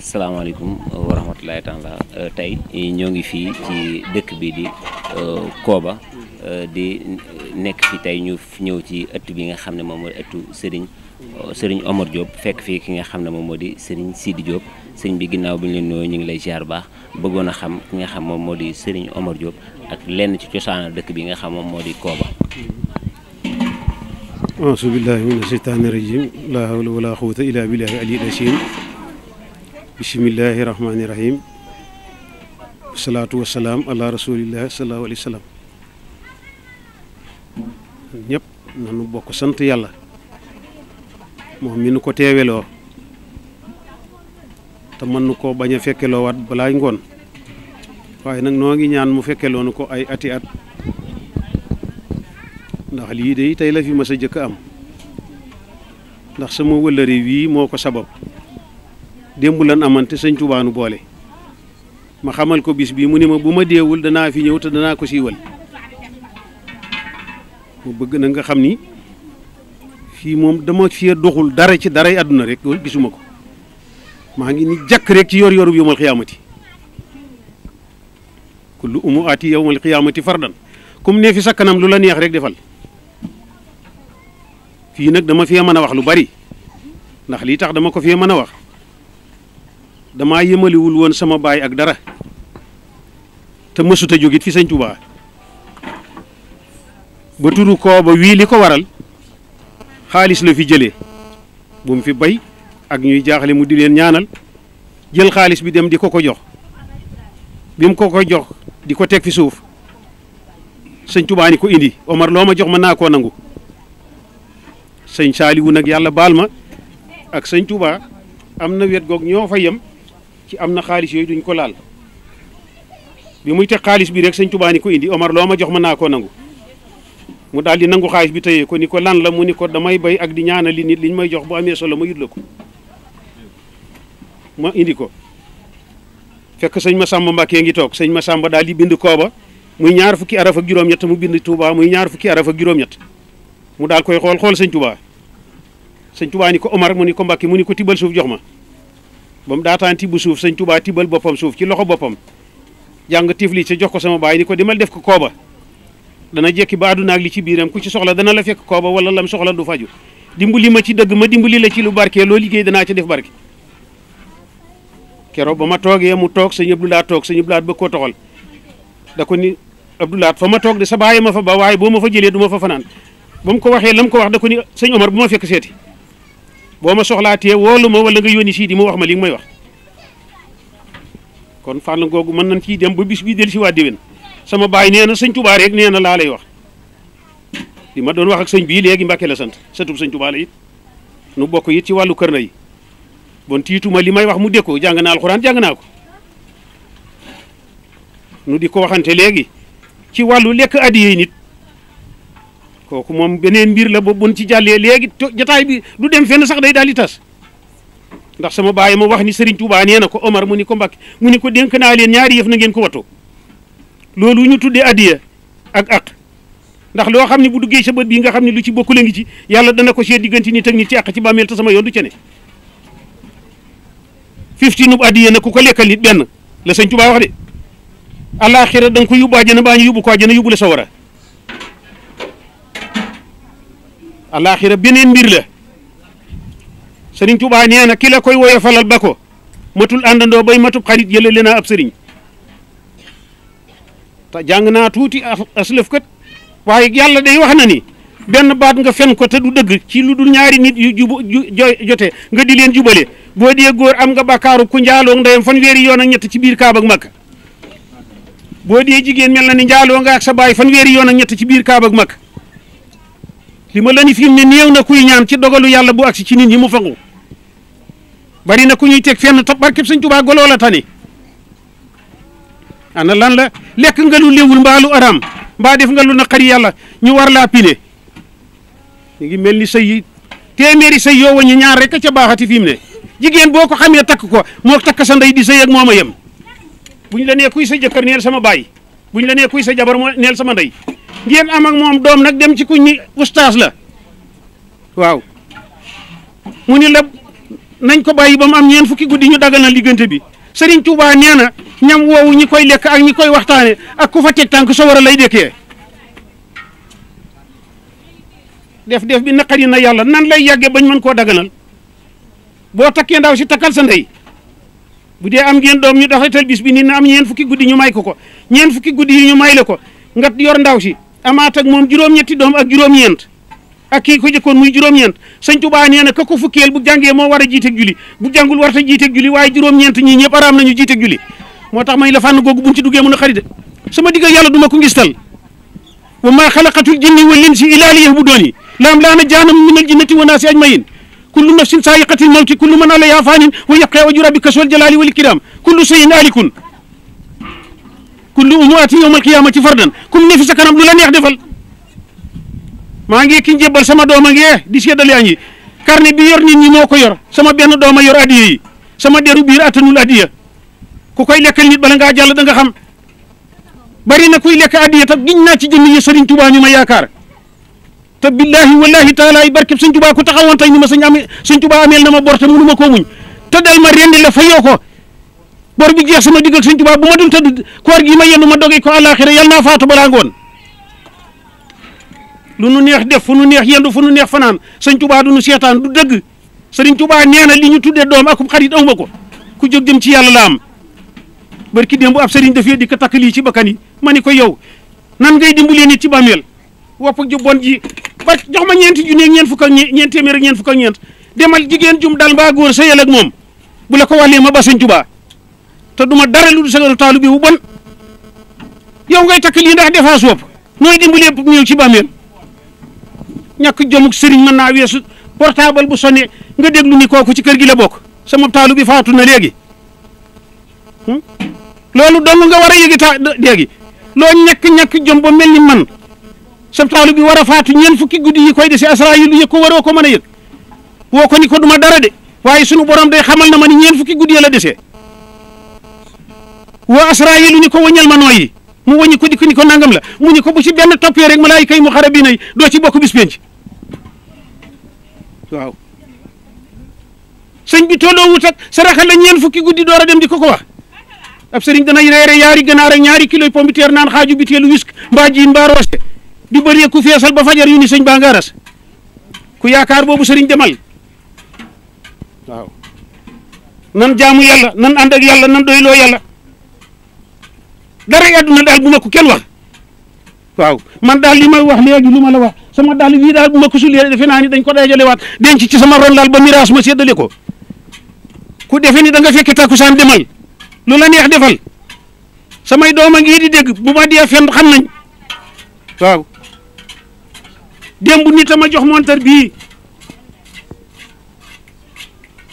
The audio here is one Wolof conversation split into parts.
salaamaaleykum wa rahmatulahi taala euh, tey ñoo ngi fii ci dëkk bi di euh, Kooba euh, di nekk fi tey ñu ñëw ci ëtt bi nga xam ne moom mooy ëttu Serigne Serigne Omar Diop fekk fii ki nga xam ne moom moo di Serigne Sidi Diop sëñ bi ginnaaw bi ñu leen nuyoo ñu ngi lay ziar baax bëggoon a xam ki nga xam moom moo di sëriñ Omar Diop ak lenn ci cosaanal dëkk bi nga xam moom moo di Kooba. auzu bisimillahi rahmaani rahim salaatu wasalaam ala rasulillah salaahu alayhi wa salaam bokk sant yàlla moom mi nu ko teeweloo te mën nu koo bañ a fekkeloowaat balaay ngoon waaye nag noo ngi ñaan mu fekkeloonu ko ay ati at ndax lii de tey la fi mas a jëkk am ndax sama wëllëri wii moo ko sabab démb lan amante sëñ Tuubaa boole ma xamal ko bis bii mu ne ma bu ma deewul danaa fi ñëw te dana ko siiwal mu bëgg na nga xam ni fii moom dama fee doxul dara ci daray àdduna rek loolu gisuma ko maa ngi ni jàkk rek ci yor yoru yowmal xiyaamati kullu umu aati yowmal xiyaamati fardan comme ne fi sa kanam lu la neex rek defal fii nag dama fee mën a wax lu bari ndax li tax dama ko fee mën a wax damaa yëmaliwul woon sama baay ak dara te mësut a jógit fi sëñ Tuubaa ba turu kooba wii li ko waral xaalis la fi jëlee bu mu fi bay ak ñuy jaaxle mu di leen ñaanal jël xaalis bi dem di ko ko jox bi mu ko ko jox di ko teg fi suuf sëñ Tuubaa ni ko indi Omar loo ma jox ma naa koo nangu sëñ Saaliwu nag yàlla baal ma ak sëñ Tuubaa am na wet goog ñoo fa yem ci am na xaalis yooyu duñ ko laal bi muy teg xaalis bi rek sëñ Tuubaa ko indi Omar loo ma jox ma naa koo nangu mu daal di nangu xaalis bi tëyee ko ni ko lan la mu ni ko damay bay ak di ñaana li nit liñ may jox bu amee solo ma yut la ko ma indi ko fekk sëñ Masamba Mbàkke ngi toog sëñ sàmba daal di bind kooba muy ñaar fukki araf ak juróom-ñett mu bind Touba muy ñaar fukki araf ak juróom-ñett mu daal koy xool xool sëñ Touba sëñ Touba ni ko Omar mu ni ko Mbàkke mu jox ma ba mu daataan tibb suuf sañ tubaa tibbal boppam suuf ci loxo boppam jàng tifli sa jox ko sa sama baay ni ko demal def ko kooba dana jekki ba àdduna li ci biiram ku ci soxla dana la fekk kooba wala lam soxla du faju dimbali ma ci dëgg ma dimbali la ci lu barke loo liggéey dana ca def barke keroog ba ma toogee mu toog sëñ Abdoulaat toog sëñ Abdoulaat ba koo toxal da ko ni Abdoulaat fa ma toog de sa baay ma fa ba waaye boo ma fa jëlee du ma fa fanaan ba ko waxee lam ko wax da ko ni sëñ Omar bu ma fekk seeti boo ma soxlaatee woolu ma wala nga yónni siidi ma wax ma li may wax kon fànn googu mën nañ ciy dem ba bis bi del si waa déwén sama baay nee na sëñ tubaa rek nee na laalay wax li ma doon wax ak sëñ bii léegi mbàkke la sant satub sëñ tubaa la it nu bokk yit ci wàllu kër na yi bon li may wax mu dékko jàng naa alxuraan jàng naa ko nu di ko waxante léegi ci wàllu lekk addiyey nit kooku moom beneen mbir la ba bun ci jàllee léegi jotaay bi du dem fenn sax day daal di tas ndax sama baay ma wax ni Serigne Touba nee ko Omar mu ni ko mbak mu ni ko dénk naa leen ñaari yëf na ngeen ko wattu loolu ñu tuddee addiya ak ak ndax loo xam ne bu duggee sa bët bii nga xam ne lu ci bokkule ngi ci yàlla dana ko see diggante ni ak nit ci àq ci bàmmeel te sama yoon du ca ne fifti na ku ko lekkal nit benn la sëñ Touba wax de àllaaxira da nga ko yóbbu àjjana baa ñu yóbbu ko àjjana alaaxira beneen mbir la sëriñ Tuubaa nee na ki la koy woyofalal ba ko matul àndandoo bay matub xarit yële leen ab sëriñ te jàng naa tuuti aslëf kat waaye yàlla day wax na ni benn baat nga fen ko te du dëgg ci lu dul ñaari nit yu jub jote nga di leen jubale boo dee góor am nga bàkkaaru ku njaaloo ndeyam fanweeri yoon ak ñett ci biir Kaaba ak boo dee jigéen mel na ni njaaloo nga ak sa baay fanweeri yoon ñett ci biir Kaaba ak Makka li ma la ni fi ne néew na kuy ñaan ci dogalu yàlla bu agsi ci nit ñi mu fangu bari na ku ñuy teg fenn topp barkeb sëñ Tuubaa goloo la tane ana lan la lekk nga lu léwul mbaa lu mbaa def nga lu naqari yàlla ñu war laa pine ñu ngi mel ni sëy yi téeméeri sëy yoo ñu ñaar rek ca baaxati fi mu ne jigéen boo ko xamee takk ko moo takk sa ndey di sëy ak moom a yem bu ñu la nee kuy sa jëkkër neel sama baay bu ñu la nee kuy sa jabar neel sama ndey ngeen am moom doom nag dem ci ku ñi ustaas la waaw mu ni la nañ ko bàyyi ba mu am ñeen fukki guddi ñu daganal diggante bi Serigne Touba nee na ñam woowu ñi koy lekk ak ñi koy waxtaane ak ku fa teg tànk sa war lay dékkee def def bi naqari na yàlla nan lay yàggee bañ mën koo daganal boo takkee ndaw si takkal sa ndey bu dee am ngeen doom ñu doxatal bis bi nii na am ñeen fukki guddi ñu may ko ko ñeen fukki guddi yi ñu may la ko di yor ndaw si amaat ak moom juróom-ñetti doom ak juróom-ñeent ak kii ko jëkkoon muy juróom-ñeent sëñ Tuubaa nee na ka ko fukkeel bu jàngee moo war a jiiteeg julli bu jàngul warta jiiteeg julli waaye juróom-ñeent ñii ñëpp araam nañu jiiteeg julli moo tax may la fànn googu buñ ci duggee mën a xaride sama diggal yàlla duma ko ngistal wa maa xalaqatul jinni wal insi illaa liya'buduun yi laam laana jaanam minal jinnati wa naasi ajmaïn nafsin saayiqatil mawti kullu kulluhum aati yawmal qiyaamati fardan kum ne fi sa kanam lu la neex defal maa ngi ki njëbbal sama doom a ngee di seddal yaa ngi carnet bi yor nit ñi moo ko yor sama benn doom a yor adiya yi sama deru biir attanul adiya ku koy lekkal nit bala ngaa jàll da nga xam bari na kuy lekk adiya ta giñ naa ci jëmmi yi sëriñ Tuubaa ñu ma yaakaar te billahi wallahi taala yi barkeb sëñ Tuubaa ku taxawoon tey ni ma sëñ am sëñ Tuubaa ameel na ma borte mënu ma koo muñ te dal ma rendi la fayoo bor bi jeex sama diggal sëñ Tuubaa bu ma dul tëdd koor gi ma yendu ma doge ko àllaaxira yal naa faatu balaa ngoon lu nu neex def fu nu neex yendu fu nu neex fanaan sëñ Tuubaa du nu seetaan du dëgg sëriñ Tuubaa nee na li ñu tuddee doom ak xarit amu ma ko ku jóg jëm ci yàlla la am barki démb ab sëriñ dafee di ko takk lii ci bakkan yi ma ni ko yow nan ngay dimbalee nit ci bàmmeel wopp ju bon ji ba jox ma ñeenti junni ak ñeent fukk ak ñeent téeméer fukk ak ñeent demal jigéen jum dal mbaa góor sa yàlla moom bu la ko wàllee ma ba sëñ te du ma dara lu du sagaru taalu bi bu bon yow ngay takk lii ndax defaa soob nooy dimbali yëpp ñëw ci bàmmeel ñàkk jomuk man mën naa weesu portabal bu sonné nga deglu ni kooku ci kër gi la bokk sama taalu bi faatu na léegi hmm? loolu dong nga war a yëgi ta léegi loo ñàkk-ñàkk jom ba mel ni man sa taalu bi war a faatu ñeen fukki guddi yi koy dese asraayil yëg ko waroo ko mën a yëg ko ni ko duma dara de waaye sunu borom day xamal na ma ni ñeent fukki guddi la desee wa asraayilu ni ko wëñal ma nooyi mu wëñi ko di ko ni ko nangam la mu ni ko bu ci benn toppee rek malaayika yi mu xara bii nay doo ci bokk bis penc waaw sëñ bi tolloo wut ak saraxa la ñeen fukki guddi door a dem di ko ko wax ab sëriñ dana reere yaari ganaar ak ñaari kiloy pompiteer naan xaaju biteelu wisk mbaa jiin mbaa roose di bëree ku feesal ba fajar yu ni sëñ baa nga ku yaakaar boobu sëriñ demal waaw nan jaamu yàlla nan ànd ak yàlla nan doyloo yàlla dara àdduna daal bu ma ko kenn wax waaw man daal li ma wax léegi lu ma la wax sama daal wii daal bu ma ko sulee defe naa ni dañ ko dajalewaat denc ci sama ron daal ba miraas ma séddale ko ku defe ni da nga fekk takkusaan demal lu la neex defal samay doom a ngi di dégg bu ma dee fen xam nañ waaw démb nit a ma jox montar bii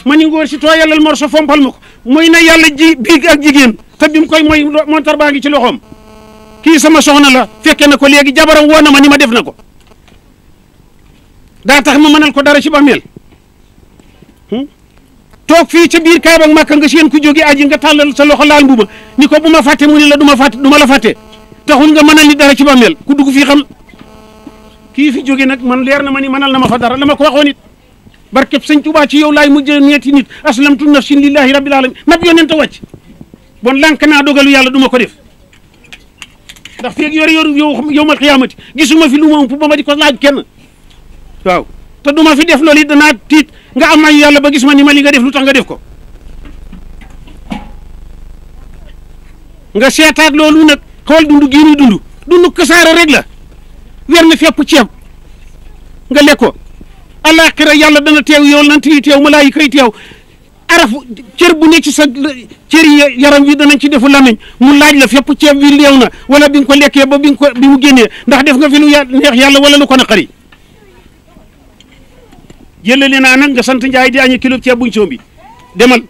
ma ni ngóor si tooyalal morso fompal ma ko muy na yàlla ji biig ak jigéen te bi mu koy mooy montar baa ngi ci loxoom kii sama soxna la fekke na ko léegi jabaram woo na ma ni ma def na ko daa tax ma mënal ko dara ci bàmmeel hmm? toog fii ca biir Kaaba ak Makka nga seen ku jóge aji nga tàllal sa loxo laal mbuba ni ko bu ma fàtte mu ni la du ma fàtte du ma la fàtte taxul nga mënal ni dara ci bàmmeel ku dugg fii xam kii fi jóge nag man leer na ma ni mënal na ma fa dara la ma ko waxoon it barkeb sëñ Tuubaa ci yow laay mujjee ñetti nit aslamtu nafsin lillahi rabbil alamin nab yonent a wàcc bon lànk naa dogalu yàlla duma ko def ndax feeg yor yor yow yow ma xiyaamati gisuma fi lu ma ëmp ma di ko laaj kenn waaw duma fi def loolu it danaa tiit nga am ayu yàlla ba gis ma ni ma li nga def lu tax nga def ko nga seetaat loolu nag xool dund gii ñuy dund dund kasaara rek la weer na fépp ceeb nga lekk ko àllaaxira yàlla dana teew yow lan teew malaayika yi teew arafu cër bu ne ci sa cër yi yaram wi danañ ci defu lamiñ mu laaj la fépp ceeb wi leew na wala bi ko lekkee ba bi nga ko bi mu génnee ndax def nga fi lu neex yàlla wala lu ko naqari jëlale naa nag nga sant Njaay di añu kilo ceeb buñ soom bi demal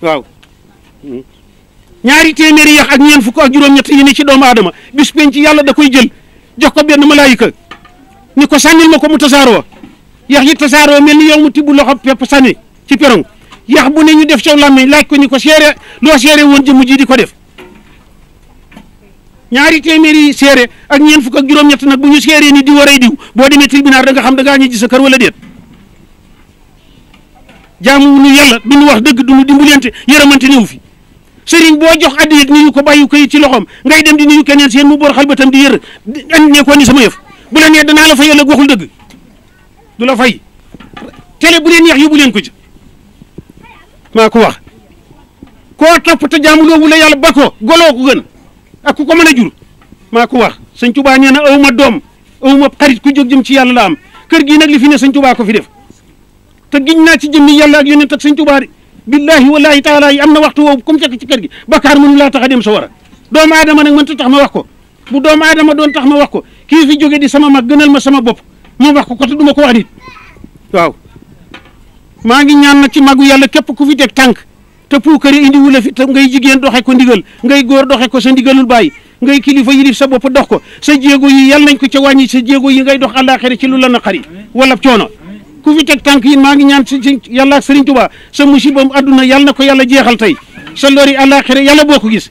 waaw ñaari téeméeri yax ak ñeen fukk ak juróom-ñett yi ne ci doomu aadama bis penc ci yàlla da koy jël jox ko benn malaayika ni ko sànnil ma ko mu tasaaroo yax yi tasaaroo mel ni yow mu tibb loxo pepp sànni ci perong yax bu ne ñu def caw làmmiñ lakk ko ni ko seere loo seere woon jëmu ji di ko def ñaari téeméeri seere ak ñeen fukk ak juróom-ñett nag bu ñu seeree ni di a rey diw boo demee tribunal da nga xam da ngaa ñi sa kër wala déet jaamu nu yàlla du ñu wax dëgg du ñu dimbalante yërëmante néew fi sëriñ boo jox addiya ni ñu ko bàyyi ci loxoom ngay dem di nuyu keneen seen mu boor xal tam di yër andi ne sama yëf bu la nee danaa la fayal ak waxul dëgg du la fay télé bu leen yàq yóbbu leen ko ci. maa ko wax koo topp te jaamuloo wu la yàlla ba ko goloo ko gën ak ku ko mën a jur maa ko wax sëñ Tuubaa nee na aw ma doom aw ma xarit ku jog jëm ci yàlla la am kër gi nag li fi ne sëñ Tuubaa ko fi def te giñ naa ci jëmmi yàlla a yonent ak sëñ Tuubaa de billaahi wallaahi taala yi am na waxtu woowu comme fekk ci kër gi bakkaar mënu la tax a dem sa war a doomu aadama nag mënta tax ma wax ko bu doomu aadama doon tax ma wax ko kii fi joge di sama mag gënal ma sama bopp ma wax ko ko te du ko wax waaw maa ngi ñaan na ci mag yàlla képp ku fi teg tànk te puukare indi wula fi te ngay jigéen doxe ko ndigal ngay góor doxe ko sa ndigalul bàyyi ngay kilifa yilif sa bopp dox ko sa jéego yi yàlla nañ ko ca wàññi sa jéego yi ngay dox àllaaxira ci lu la naqari wala coono ku fi teg tànk maa ngi ñaan si yàlla ak Sëriñ Tuubaa sa musibam adduna yàlla na ko yalla jeexal tey sa lori àllaaxira yàlla boo ko gis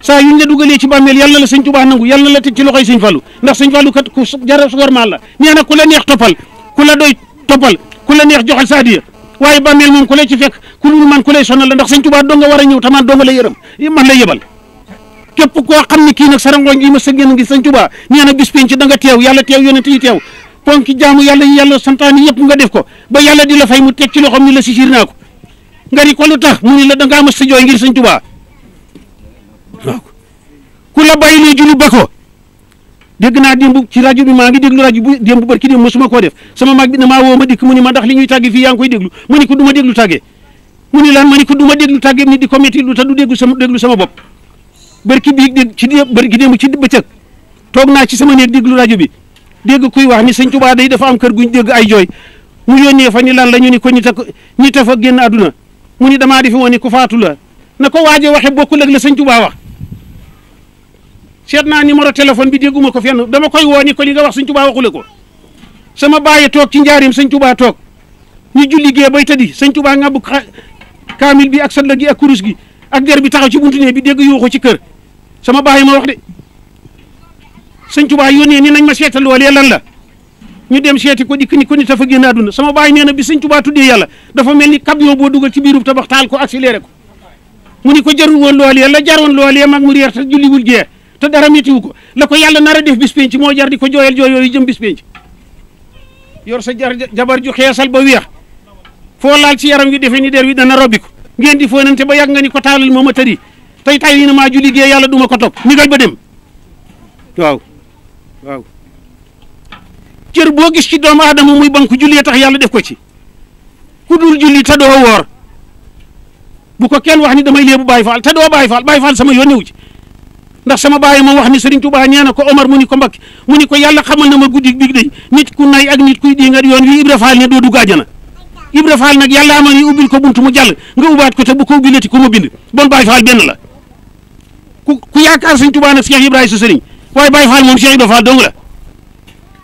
saa yuñ la dugalee ci bàmmeel yàlla la sëñ Tuubaa nangu yàlla la teg ci loxoy sëñ Fallu ndax sëñ Fallu kat ku jara war maa la nee na ku la neex toppal ku la doy toppal ku la neex joxal sa adiya waaye bàmmeel moom ku lay ci fekk ku man ku lay sonal la ndax sëñ Tuubaa doo nga war a ñëw tamaan doo nga yërëm man lay yëbal képp koo xam ne kii nag sarangooñ yi ma sa génn ngi sëñ Tuubaa nee na bis penc da nga teew yàlla teew yonent yi teew ponki jaamu yàlla yi yàlla santaani yëpp nga def ko ba yàlla di la fay mu teg ci loxoom ni la si siir ko nga ni ko lu tax mu ni la da ngaa mas sa jooy ngir sëñ Tuubaa ku la bàyyi lii julli ba ko dégg naa démb ci rajo bi maa ngi déglu rajo bi démb barki démb mosuma koo def sama mag bi damaa woo ma dikk mu ni ma ndax li ñuy tàgge fii yaa ngi déglu ma ni ko du ma déglu tàgge mu ni lan ma ni ko du ma déglu tàgge ni di ko métti lu te du déglu sama déglu sama bopp barki bii ci barki démb ci bëccëg toog naa ci sama néeg déglu rajo bi dégg kuy wax ni sëñ Tuubaa day dafa am kër guñ dégg ay jooy mu yónnee fa ni lan la ñu ni ko ñi tak ñi tafa génn àdduna mu ni damaa defe woon ni ku faatu na ko waaje waxe bokkul ak la sëñ Tuubaa wax seet naa numéro téléphone bi dégguma ko fenn dama koy woo ni ko li nga wax sëñ Tuubaa waxule ko sama bàyyi toog ci njaarim sëñ Tuubaa toog ñu julli gee bay tëddi sëñ Tuubaa nga bu kaamil bi ak salla gi ak kurus gi ak der bi taxaw ci buntu ne bi dégg yuuxu ci kër sa sama bàyyi ma wax de sëñ Tuubaa yónnee ni nañ ma seetal loolee lan la ñu dem seeti ko dikk ni ko ni tafa génn àdduna sama bàyyi nee na bi sëñ Tuubaa tuddee yàlla dafa mel ni camion boo dugal ci biiru tabax ko accéléré ko mu ni ko jarul woon loolee la jaroon loolee mag mu réer te julliwul gee te dara ko la ko yàlla nara def bis penc moo jardi ko jooyal jooy yooyu jëm bis penc yor sa jar jabar ju xeesal ba weex foo laal ci yaram wi defe ni der wi dana robbi ko ngeen di fóonante ba yàgg nga ko taalal moo ma tëri tey tay yi na maa ju liggéey yàlla duma ko topp nigal ba dem waaw boo gis ci doomu aadama muy banku julli tax yàlla def ko ci ku dul julli te doo woor bu ko kenn wax ni damay léebu Baay Faal te doo Baay Faal Baay Faal sama yónnewu ci ndax sama baay moom wax ni Serigne Touba nee na ko Omar mu ni ko Mbakke mu ni ko yàlla xamal na ma guddi bi day nit ku nay ak nit kuy di nga yoon wi Ibra Faal ne doo dugg àjjana Ibra Faal nag yàlla ama ni ubbil ko bunt mu jàll nga ubaat ko te bu ko ubbilati ko ma bind bon Baay Faal benn la ku ku yaakaar Serigne Touba nag Cheikh Ibrahima sa Serigne waaye Baay Faal moom Cheikh Ibra Faal dong la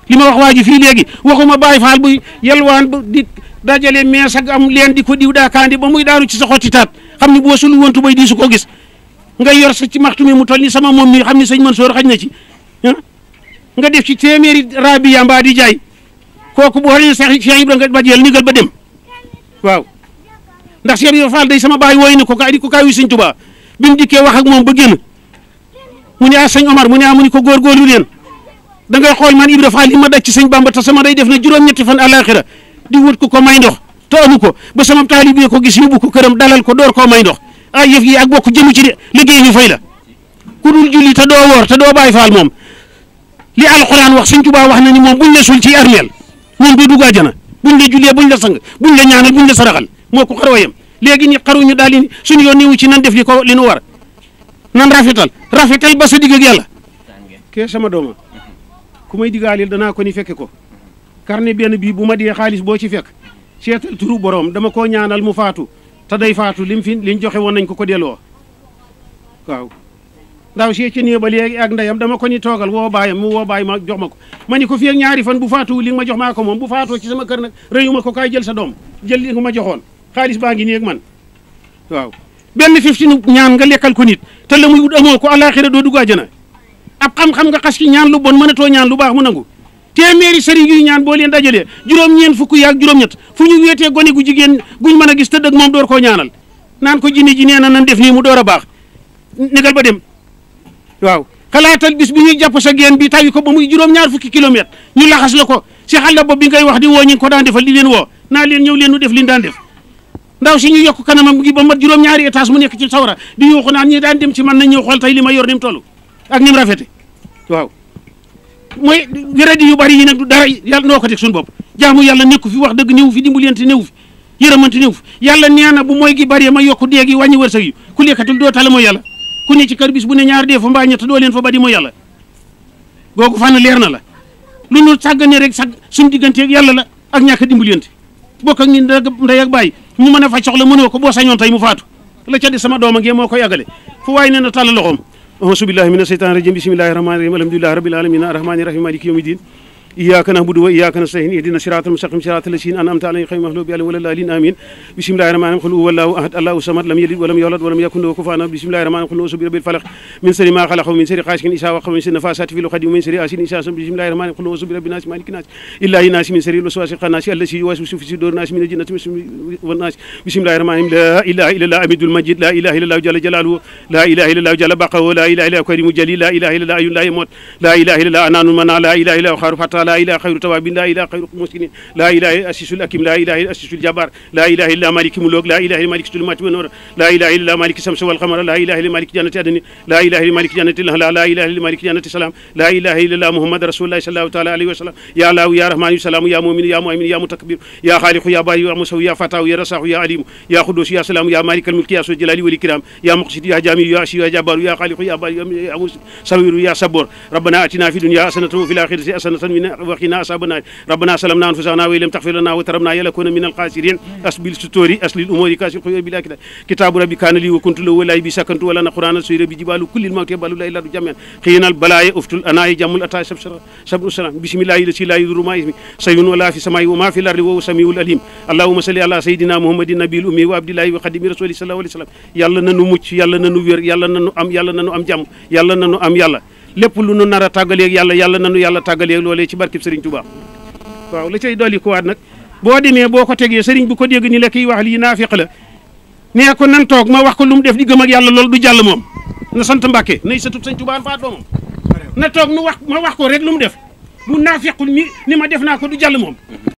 li ma wax waa ji fii léegi waxuma Baay Faal bu yelwaan bu di dajale mees ak am leen di ko diw daakaandi ba muy daaru ci sa xotti taat xam ni boo sulu woon tubay di su ko gis ngay yor sa ci maxtu mi mu toll ni sama moom mi xam ni sëñ Mansoor xaj na ci ah, nga def ci téeméeri rabiya mbaa di jaay kooku bu xoolee Cheikh Cheikh Ibrahima ba jël nigal ba dem waaw ndax Cheikh Ibrahima Fall day sama baay wooy ni ko kaay di ko kaay wi sëñ Tuubaa bi mu dikkee ak moom ba génn mu ne ah sëñ Omar mu ne ah mu ni ko góorgóorlu leen da ngay xool man Ibrahima Fall li ma daj ci sëñ Bamba te sama day def na juróom-ñetti fan àllaaxira di wut ko ko may ndox te amu ko ba sama taalib bi ko gis yóbbu ko këram dalal ko door koo may ndox. ah yëf yi ak bokk jëmu ci de liggéey ñu fay la ku dul julli te doo woor te doo bàyyi faal moom li alxuraan wax sëñ Tuubaa wax na ni moom buñ la suul ci armeel moom doo dugg bu buñ la jullee bu la sang bu la ñaanal buñ la saraxal moo ko xaroo yem léegi ñi xaruñu daal di suñu yoon niwu ci nan def li ko li nu war nan rafetal rafetal ba sa digg ak yàlla. ke sama dooma ku may digaalil danaa ko ni fekke ko ne benn bii bu ma dee xaalis boo ci fekk seetal turu borom dama koo ñaanal mu faatu. te day faatu lim fi liñ joxe woon nañ ko ko delloo waaw ndaw si ci néeg ba léegi ak am dama ko ni toogal woo baayam mu woo baay ma jox ma ko ma ni ko fii ak ñaari fan bu faatuwul li ma jox maa ko moom bu faatoo ci sama kër nag rëyu ma ko kaay jël sa doom jël li ma joxoon xaalis baa ngi nii ak man waaw benn fif ci ñaan nga lekkal ko nit te la muy wut amoo ko àllaaxira doo dugg àjjana ab xam-xam nga xas ci ñaan lu bon mënatoo ñaan lu baax mu nangu téeméeri sëriñ yuy ñaan boo leen dajalee juróom ñeen fukk yaag juróom-ñett fu ñu wéetee gone gu jigéen guñ mën a gis tëdd ak moom door koo ñaanal naan ko jinne ji nee na nan def nii mu door a baax negal ba dem waaw xalaatal bis bi ñuy jàpp sa geen bi tawi ko ba muy juróom-ñaar fukki kilomètre ñu laxas la ko si xàlla bopp bi ngay wax di woo ñu ko daan defal di leen woo naa leen ñëw leen nu def li daan def ndaw si ñu yokk kanama gi ba juróom-ñaari étage mu nekk ci sawara di yuuxu naan ñi daan dem ci man na ñëw xool tey li ma yor ni mu toll ak ni mu rafete waaw mooy wéradi yu bari yi nag du dara noo ko teg suñu bopp jaamu yàlla nekku fi wax dëgg néew fi dimbalante néew fi yërëmante néew fi yàlla nee na bu mooy gi bari ma yokku dee gi wàññi wërsëg yi ku lekkatul doo tala mooy yàlla ku ne ci kër bis bu ne ñaar dee fa mbaa ñett doo leen fa bari mooy yàlla googu fànn leer na la lu nu ñu sàggane rek sàgg suñu digganteeg yàlla la ak ñàkk dimbalante bokk ak ñi ndey baay bàyyi ñu mën a faj soxla mënoo ko boo sañoon tey mu faatu la ca sama doom moo koy àggale waay nee na tàll loxoom auzu billahi mina sheytaani rajim bismillahi rahmani rahim alhamdulilahi rabil alamin arrahmani rahim maliki yawmi din iyyaka na'budu wa iyyaka nasta'in ihdina siratal mustaqim siratal ladzina an'amta alayhim ghayril maghdubi alayhim waladdallin amin bismillahir rahmanir rahim qul huwallahu ahad allahu samad lam yalid wa lam yulad wa lam yakul lahu kufuwan ahad bismillahir rahmanir rahim qul a'udhu birabbil falaq min sharri ma khalaq min sharri ghasiqin idha waqa min sharri nafasati fil 'uqad min sharri hasidin idha hasad bismillahir rahmanir rahim qul a'udhu birabbin nas malikin nas illahil nas min sharril waswasil khannas alladhi yuwaswisu fi sudurin nas min al-jinnati wan nas bismillahir rahmanir rahim la ilaha illallah amidul majid la ilaha illallah jalla jalaluhu la ilaha illallah jalla baqahu la ilaha illallah karimul jalil la ilaha illallah ayyun la yamut la ilaha illallah ananun mana la ilaha illallah kharu fata musa laa ilaha xayru tawaabin laa ilaha xayru musinin laa ilaha asisul akim laa ilaha asisul jabar laa ilaha illa maliki muluk laa ilaha maliki sulumaati wa noor laa ilaha illa maliki samsi wal qamar laa ilaha illa maliki jannati adni laa ilaha illa maliki jannati lahla laa ilaha illa maliki jannati salaam laa ilaha illa muhammad rasulullahi sallallahu taala alayhi wa sallam ya laahu ya rahmaanu ya salaamu ya muminu ya muaminu ya mutakbir ya xaaliqu ya bari ya musaw ya fataahu ya rasaahu ya alimu ya xudus ya salaamu ya malikal mulki ya sul jalali wal ikram ya muqsit ya jamiu ya asiyu ya jabaru ya xaaliqu ya bari ya sawiru ya sabor rabbana atina fi dunya hasanatan wa fil akhirati hasanatan وقنا عذاب النار ربنا سلمنا انفسنا وان لم تغفر لنا وترحمنا لنكونن من الخاسرين اسبل ستوري اسل الامور كاشف الخير بلا كده كتاب ربي كان لي وكنت له ولاي بي سكنت ولا قران السير بي جبال كل الموت بال لا اله جميعا خينا البلايا افتل انا جمل اتا سب سب السلام بسم الله الذي لا يضر ما اسمي سيون ولا في السماء وما في الارض وهو سميع العليم اللهم صل على سيدنا محمد النبي الامي وعبد الله وخدم رسول الله صلى الله عليه وسلم يلا نانو mucc yàlla nanu wér yàlla nanu am yàlla nanu am jàmm yàlla nanu am yàlla lépp lu nu nar a tàggaleeg yàlla yàlla nanu yàlla tàggaleeg loole ci barkib sëriñ Tuubaa waaw la cay dolli ko waat nag boo demee boo ko tegee sëriñ bu ko deg ni la kiy wax lii naafiq la nee ko nan toog ma wax ko lu mu def di gëm ak yàlla loolu du jàll moom na sant Mbàkke nay satub sëñ Tuubaa faa doomam na toog nu wax ma wax ko rek lu mu def lu naafiqul ni ni ma def naa ko du jàll moom